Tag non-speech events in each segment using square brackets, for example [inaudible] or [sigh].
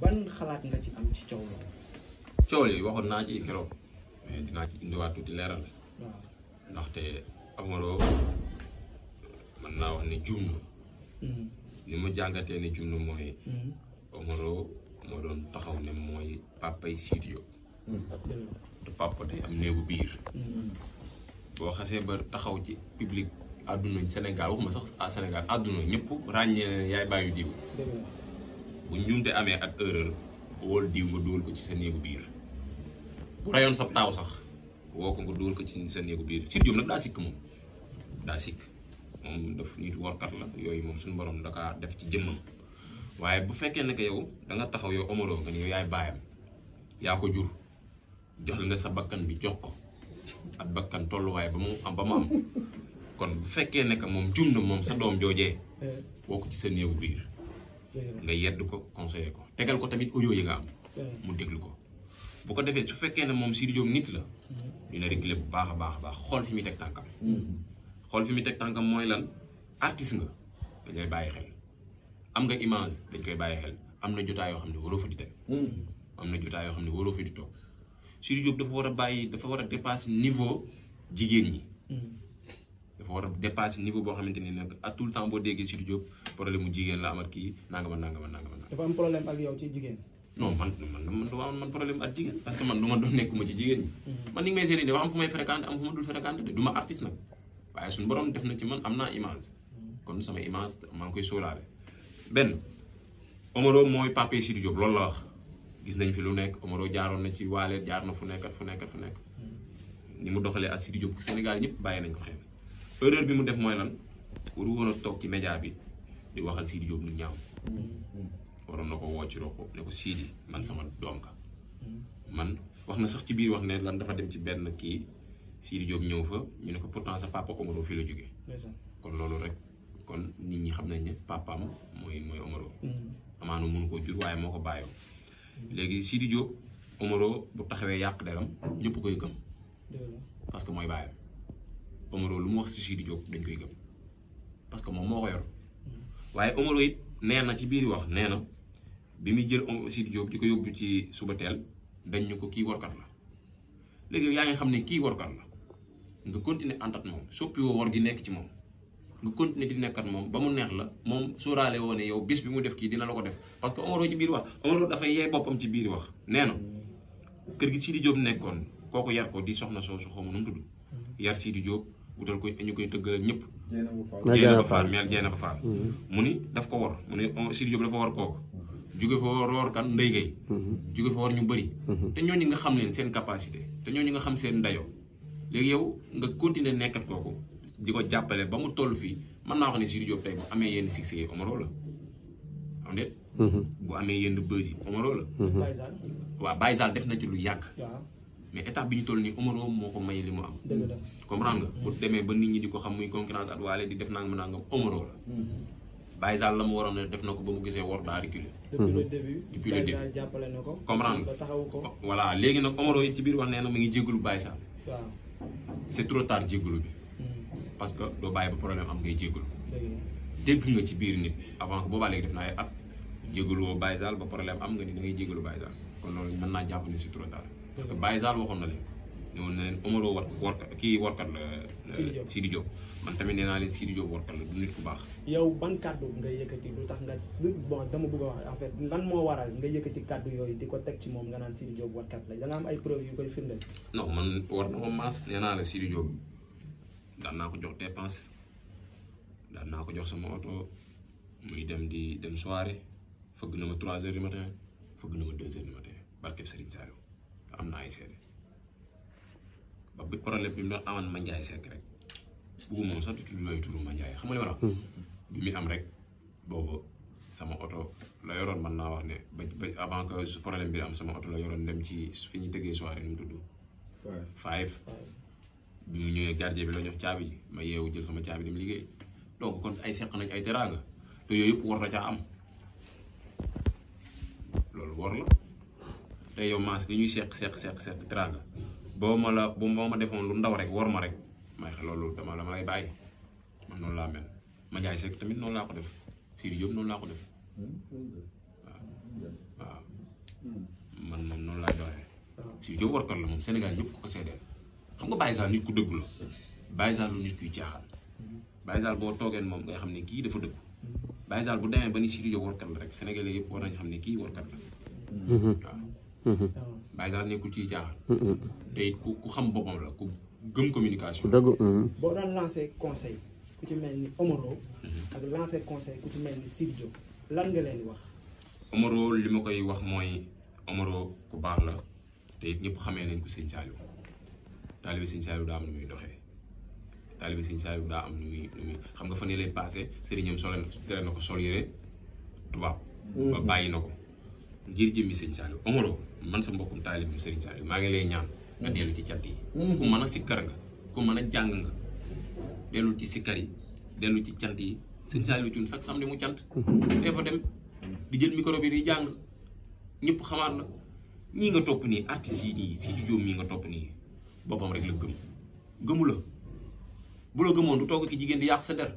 ban xalaat nga ci am ci coow loolu. coow waxoon naa ci keroog mais dinaa ci indiwaat tuuti leeral. waaw ndaxte Amaro mën naa wax ne juum na. Hmm. ni mu jàngate ne juum mooy. Hmm. Amaro moo doon taxaw ne mooy papay Sidy Diop. Hmm. te papa day am néegu biir. boo xasee ba taxaw ci public àdduna Sénégal waxuma sax à Sénégal àdduna ñëpp ràññee yaay bàyyu diw bu njuumte amee ak erreur wool diw nga dugal ko ci sa néegu biir bu rayoon sa taaw sax woo ko nga dugal ko ci sa néegu biir Sidy Diop nag daa sikk moom daa sikk moom daf nit warkat la yooyu moom suñu boroom dakaa def ci jëmmam waaye bu fekkee ne yow danga taxaw yow Omaro nga ni yaay baayam yaa ko jur jox la nga sa bakkan bi jox ko ak bakkan tolluwaay ba mu am ba mu am kon bu fekkee ne moom jum na moom sa doom joojee eh. woo ko ci sa néegu biir nga yedd ko conseiller ko tegal ko tamit audio yi nga am mu déglu ko bu ko defee su fekkee ne moom Sidy Diop nit la dina réglé bu baax a baax a baax xool fi mu teg tànkam hmm. xool fi muy teg tànkam mooy lan artiste nga dañ bàyyi xel am nga image dañ koy bàyyi xel am na jotaay yoo xam ne waroo fa di dem hmm. am na jotaay yoo xam ne waroo fa di toog Sidy Diop dafa war a bàyyi dafa war a dépasser niveau jigéen ñi hmm. dafa war a dépassé niveau boo xamante ni nag à tout le temps boo déggee Sidy Diop problème mu jigéen la amat kii nangama nangama nangama. dafa am problème ak yow ci jigéen. non man man man du ma man problème ak jigéen parce que man du ma doon nekkuma ci jigéen ñi. Mhm. man ni nga may seetlee dafa am fu may fréquenté am fu ma dul fréquenté de du ma artiste nag waaye suñu borom def na ci man am naa image mhm. kon sama image maa ngi koy sóolaale benn Omaro mooy pape Sidy Diop loolu la wax gis nañ fi lu nekk Omaro jaaroon na ci waale jaar na fu nekkat fu nekkat fu nekk mhm. ni mu doxalee ak Sidy Diop Sénégal ñëpp bàyyi nañ ko xel erreur bi mu def mooy lan waru woon a toog ci média bi di waxal Sidi Diop lu ñaaw waroon na ko woo ci roxo ne ko Sidi man sama donk man wax na sax ci biir wax ne lan dafa dem ci benn kii Sidi Diop ñëw fa ñu ne ko pourtant sa papa Omaro fii la jógee kon loolu rek kon nit ñi xam nañ ne papaam mooy mooy Omaro mm-hmm. amaana mënu koo jur waaye moo ko bàyyoo mm-hmm. léegi siidi Diop Omaro bu taxawee yàq deram ñëpp koy gëm parce que mooy bàyyam Omaro lu mu wax si Sidi Diop dañ koy gëm parce que moom moo ko yor mm-hmm. waaye Omaro it nee na ci biir wax nee na bi muy jël Sidi Diop di ko yóbbu ci suba teel dañ ñu ko kii warkat la léegi yaa ngi xam ne kii warkat la nga continuer ànd ak moom war gi nekk ci moom nga continuer di nekkat moom ba mu neex la moom sóoraale woo ne yow bis bi mu def kii dina la ko def parce que Omaro ci biir wax Omaro dafay yee boppam ci biir wax nee na mm-hmm. kër gi Sidi Diop nekkoon kooku yar ko di soxna soo xaw ma nu mu tudd. Mm-hmm. yar Sidi Diop wutal ko ñu koy tëggal ñëpp Jeynaba Fall mère Jeynaba Fall mm-hmm. mu ni daf ko war mu ne oh, Sidi Diop dafa war kooku jóge fa roor kan ndey gay mm-hmm. jóge fa war ñu bëri te ñooñu nga xam ne seen capacité te ñooñu nga xam seen ndayo léegi yow nga continuer nekkat kooku di ko jàppale ba mu toll fii mën naa wax ne Sidi Diop tey bu amee yenn succès yi Omaro la am déet amee yenn buzz yi Omaro la waaw Baye Zal def na ci lu yàgg mais état bi ñu toll nii Omaro moo ko may li mu am. dëgg la bu demee ba nit ñi di ko xam muy concurrence at di def naa nangam Omaro la. Mm-hmm. Baye la mu waroon def na ko ba mu gisee war daa reculer. Mm-hmm. ko. comprendre nga nag Omaro yi ci biir wax nee na mu ngi jégalu Baye Sall. waaw c'est trop tard jégalu bi. Mm-hmm. parce que doo bàyyi ba problème am ngay jégalu. dégg nga ci biir nit avant que boobaa léegi def na ay at. jégalu woo Baye Sall ba problème am nga ni da ngay jégalu Baye Sall kon loolu mën naa jàpp ne c'est trop tard. parce que Baye Zall waxoon na leen ko ñëwoon kii warkat la. Euh, Sidi Diop Sidi Diop man tamit nee naa leen Sidi Diop warkat la du nit ku baax. yow ban kàddu nga yëkkati lu tax nga bon dama a wax en fait lan moo waral nga yëkkati kàddu yooyu di ko teg ci moom nga naan Sidi Diop warkat la da nga am ay preuve yu koy firndeel. non man war na ma naa la Sidi Diop daan naa ko jox dépense daan naa ko jox sama oto muy dem di dem soirée fëgg na ma trois heures du matin fëgg na ma deux heures du matin barkeb Serigne Saliou. am na ay seede ba bu bi mu amoon ma Ndiaye Seck rek buggu moom sax di tudd yooyu turu ma Ndiaye xam nga hmm. bi muy am rek boobu sama oto la yoroon mën na wax ne ba ba avant que su problème bi am sama oto la yoroon dem ci fi ñu tëggee soirée nu mu five bi mu ñëwee gardien bi la jox caabi ji ma yeewu jël sama caabi dem liggéey donc kon ay seq nañ ay teraanga te yooyu yëpp war na am loolu war la. te eh, yow maas li ñuy seq seq seq seq teraanga boo ma la boo ma defoon lu ndaw rek war ma rek may xam loolu dama la ma lay bàyyi man noonu laa mel ma tamit noonu laa ko def Sidi noonu laa ko def waaw waaw noonu laa doxee Sidi Diop warkat la moom Sénégal ñëpp ko ko xam nga Baye Sall nit ku dëggu la Baye Sall boo toogeen moom ngay xam ne kii dafa dëgg Baye Sall bu ba ni Sidi Diop warkat la rek Sénégalais yëpp war nañu xam ne kii warkat la mhm. waaw. Mhm. Baye Zale nekkul ciy caaxaan. Mhm. te it ku ku xam boppam la ku gëm communication. dëgg. Mhm. boo daan lancé conseil ku ci mel ni Omaro. ak lancé conseil ku ci mel ni Sidy lan nga leen wax. Omaro li ma koy wax mooy Omaro ku baax la te it ñëpp xamee nañ ku sëñ Saliou taalibe sëñ Saliou daa am nu muy doxee taalibe daa am nu muy xam nga fa ne lay passé sëriñam solo tere na ko sol tubaab. ba bàyyi na ko. ngir jëmmi sëñ Saliou Omaro man sa mbokkum taalibum sëriñ Saliou maa ngi lay ñaan nga dellu ci cant yi mm-hmm. ku mën a sikkar nga ku mën a jàng nga dellu ci sikkar yi dellu ci cant yi sëñ Saliou Thioune chaque samedi mu cant mm-hmm. dee fa dem di jël micro bi di jàng ñëpp xamaat la ñii nga topp nii artistes yi nii si di jóom mii nga topp nii boppam rek la gëm gëmu la gëmoon du toog ki jigéen di yàq sa der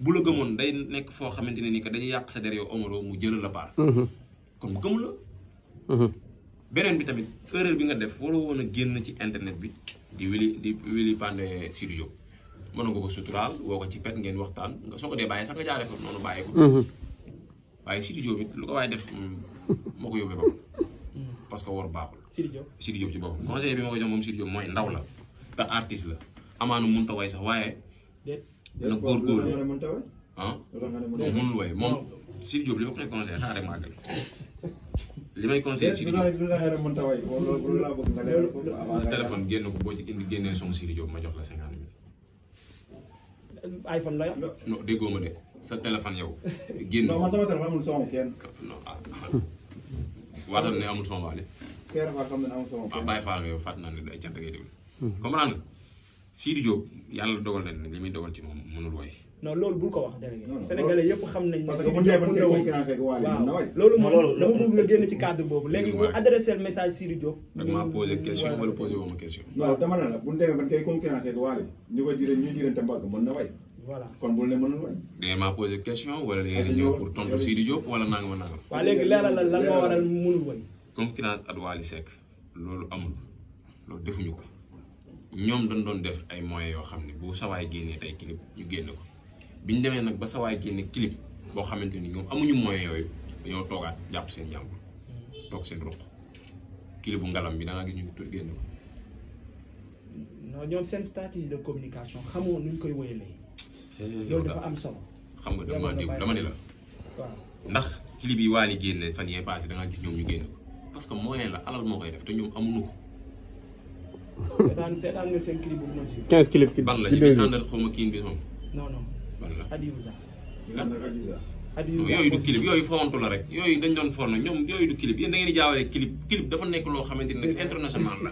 bu la gëmoon day nekk foo xamante ne ni que dañuy yàq sa der mu jël la part mm-hmm. kon mm-hmm. gëm la. Mm-hmm. beneen bi tamit erreur bi nga def waroo woon a génn ci internet bi di wili di wili Pandé Sidi Diop mën nga ko suturaal woo ko ci pet ngeen waxtaan nga soo ko dee bàyyi sax nga jaaree ko noonu bàyyi mm-hmm. waaye Sidi Diop lu ko waaye def mm, moo ko yóbbee ba parce que war baaxul. Sidi Diop bi ma ko jox mooy ndaw la te artiste la amaanu mënut a way sax waaye. déet déet góor góor la ah mënul way moom. Sidy Diop li ma koy conseillé xaaral ma àggal li may conseillé Sidy Diop sa téléphone génn ko boo ci indi génnee son Sidy Diop ma jox la cinquante mille. iPhone la yor. non déggoo de sa téléphone yow. génn non man sama téléphone amul yàlla dogal na li muy dogal ci moom mënul woy. non loolu bul ko wax délégué sénégalais yëpp xam nañ parce que bu dee mën nga koy créancé ak waale na waay loolu moom dama bëgg nga génn ci cadre boobu léegi bu adressé message Siri Diop nag maa posé question wala posé woo ma question waaw dama ne la bu ñu demee ban koy concurrencé ak waale ñu koy dire ñuy dirante mbagg mën na way voilà kon bu ne mënul way da ngeen maa posé question wala da ngeen ñëw pour tontu Siri Diop wala nangam nangam waaw léegi leeral la lan moo waral mënul way concurrence ak waali Seck loolu amul loolu defuñu ko ñoom dañ doon def ay moyens yoo xam ne bu sawaay génnee tey clip ñu génn ko bi ñu demee nag ba sa waay génne clip boo xamante ni ñoom amuñu moyen yooyu dañoo toogaat jàpp seen jàmbur mm. toog seen ruq clip bu ngalam bi da nga gis ñu tur génne ko. non ñoom de communication xamoo nuñ koy wéyalee. Eh, loolu dafa am nga dama déglu dama ne la. waaw ndax clip yi waa li génne fan yee passé da nga ñu génne ko parce que moyen la alal moo koy def te ñoom amuñu ko. seetaan seetaan nga seen clip bu 15 clip ban la ñu àndal xaw ma kii bi moom. Adiouza. lan Adiouza yooyu du clip yooyu fontu la rek yooyu dañ doon fon ñoom yooyu du clip yéen da ngeen di jaawale clip clip dafa nekk loo xamante ni nag international la.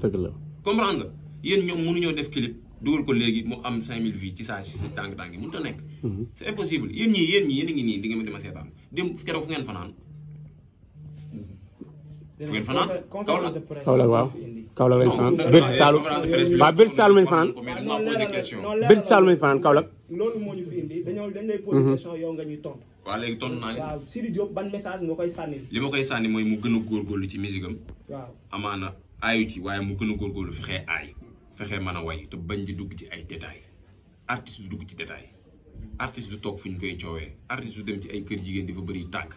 dëgg la. comprendre nga yéen ñoom mënuñoo def clip dugal ko léegi mu am 5000 vues ci saa si tàng tàng yi mënut a nekk. Mhm. c'est impossible yéen ñii yéen ñii yéen a ngi nii di ngeen ma dem a seetaan dem keroog fu ngeen fanaan fu ngeen fanaan Kaolack Kaolack waaw Kaolack lañ fanaan Bercy Saloum waaw Bercy Saloum lañ fanaan Bercy Saloum lañ fanaan Kaolack loolu moo ñu fi indi dañoo dañ lay posé mhm. question yow nga ñuy tontu waaw léegi tontu naa waaw Sidy Diop ban message nga koy sànni li ma koy sànni mooy mu gën a góorgóorlu ci musique am waaw amaana aayu ci waaye mu gën a góorgóorlu fexee aay fexee mën a way te bañ di dugg ci ay détails artiste du dugg ci détails artiste du toog fu ñu koy coowee artiste du dem ci ay kër jigéen di fa bëri tàkk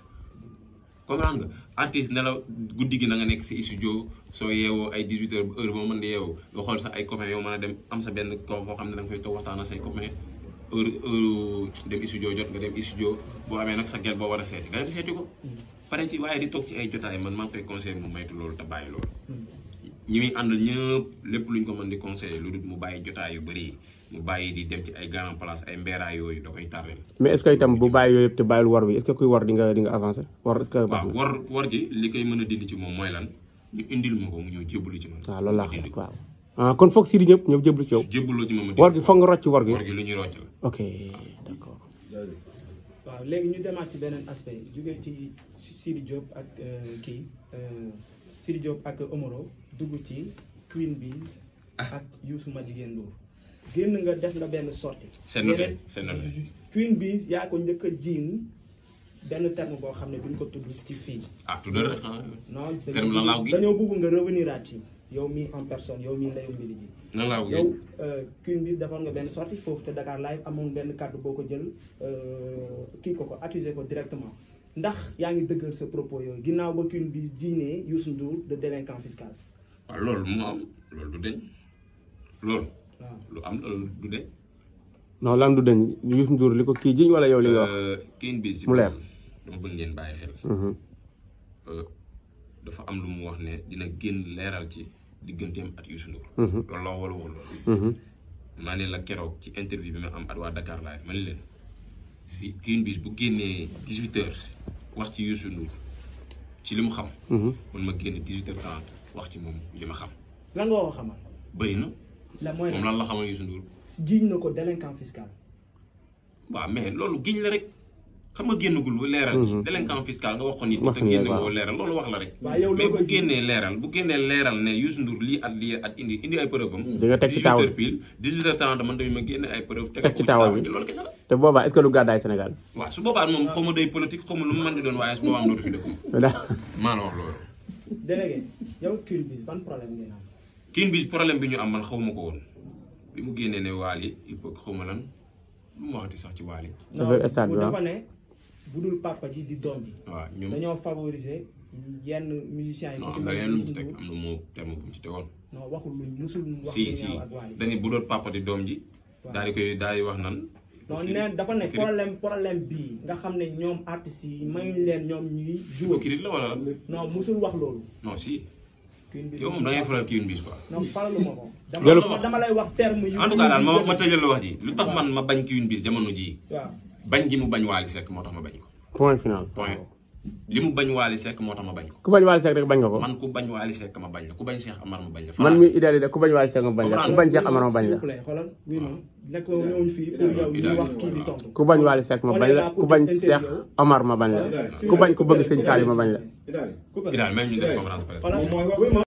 comprendre nga artiste nelaw guddi gi na nga nekk si studio soo yeewoo ay 18 heures heure boo mën di yeewoo nga xool sax ay copains yoo mën a dem am sa benn koo foo xam ne da nga fay toog waxtaan ak say copains heure heure dem studio jot nga dem studio boo amee nag sa gel boo war a seeti nga dem seeti ko. pare ci waaye di toog ci ay jotaay man maa ngi koy conseillé mu maytu loolu te bàyyi loolu. Hmm. ñi muy àndal ñëpp lépp lu luñ ko mën di conseillé lu dul mu bàyyi jotaay yu bëri mu bàyyi di dem ci ay grand place ay mbeeraay yooyu da koy tardé. mais est ce que itam bu bàyyi yooyu yëpp te bàyyil war bi est ce que kuy war di nga di avancé war. waaw a dindi ci moom mooy lan ñu indil ma ko mu ñëw jébbalu ci man. waaw ah, loolu laa xam waaw. Ah, kon foog Sidy ñëpp ñëw jébbalu ci yow. war gi foog nga rocc war gi. lu ñuy rocc la. ok ah. d' accord. waaw léegi ñu demaat ci beneen aspect jógee ci Sidy Diop ak euh, kii euh, Sidy ak Omoro dugg ci Queen Biz ak Youssou Madjiguène Ndour génn nga def nga benn sortie c'est noté c'est noté Queen Biz yaa ko njëkk a jiin benn terme boo xam ne duñ ko tudd ci fii ah tuddal rek ah, non terme la laaw gi dañoo bëgg nga revenir à ci yow mi en personne yow mi ndayu mbili ji la laaw gi yow euh, Queen Biz defoon nga benn sortie foofu te Dakar Live amoon benn kàddu boo ko jël euh, kii ko ko accuser ko directement ndax yaa ngi dëggal sa propos yooyu ginnaaw ba Queen Biz jiinee Youssou Ndour de délinquant fiscal waaw loolu mu am loolu du loolu lu am loolu du deñ non lu am du li ko kii jiñ wala yow li nga wax euh, kiin bis mu leer dama bëgg ngeen bàyyi xel mhm. euh, dafa am lu mu wax ne dina génn leeral ci digganteem at Youssou Ndour mhm. loolu la wala wala mhm. maa ne la keroog ci interview bi ma am at waa Dakar laay ma ne leen si kiin bu génnee dix-huit heures wax ci Youssou Ndour ci li xam man ma génn dix-huit heures trente wax ci moom lima xam lan la mooy moom lan la xamal Youssou Ndour. giñ na ko délinquant fiscal. waaw mais loolu giñ la rek xam nga génnagul leeral. ci mhm. délinquant fiscal nga wax ko nit ñi. wax te génne woo leeral loolu wax la rek. mais bu génnee leeral bu génnee leeral ne Youssou Ndour lii at lii at indi indi ay preuve am. di nga teg ci taawul man tamit ma génne ay preuve. ci taawul bi loolu kese la. te boobaa est-ce que lu gàddaay Sénégal. waaw su boobaa moom xaw ma day politique ma lu mu mën di doon waaye su boobaa moom. [laughs] maa la wax loolu. délégué yow Queen Biz ban problème ngeen kiin bi problème bi ñu am man xaw ma ko woon bi mu génnee ne Wally il faut xaw ma lan lu mu waxati sax ci Wally. bu dafa bu dul papa ji di doom ji. waaw ñoom dañoo yenn musiciens yi. na yenn lu mu ci teg am na wax si si dañu bu dul papa di doom ji. daal di koy daal wax nan. non neen dafa ne problème problème bii nga xam ne ñoom artistes yi mayuñ leen ñoom ñuy jouer. kii la wala. non musul wax loolu. non si. kiwin bis yow moom da ngay faral kiwin bis quoi. non faraluma ko. lay wax terme yu. en daal ma ma tëjal wax ji. lu tax man ma bañ kiwin bis jamono jii. waaw bañ gi mu bañ Wally Seck moo tax ma bañ ko. point final point. li mu bañ Waly Seck moo tax ma bañ ko. ku bañ Waly Seck rek bañ nga ko. man ku bañ Waly ma bañ la ku bañ Cheikh Amar ma bañ la. ku bañ Waly Seck ma bañ la ku bañ Cheikh Amar ma bañ la. ku bañ Waly Seck ma bañ la ku ma bañ la ku bëgg sëñ ma bañ la.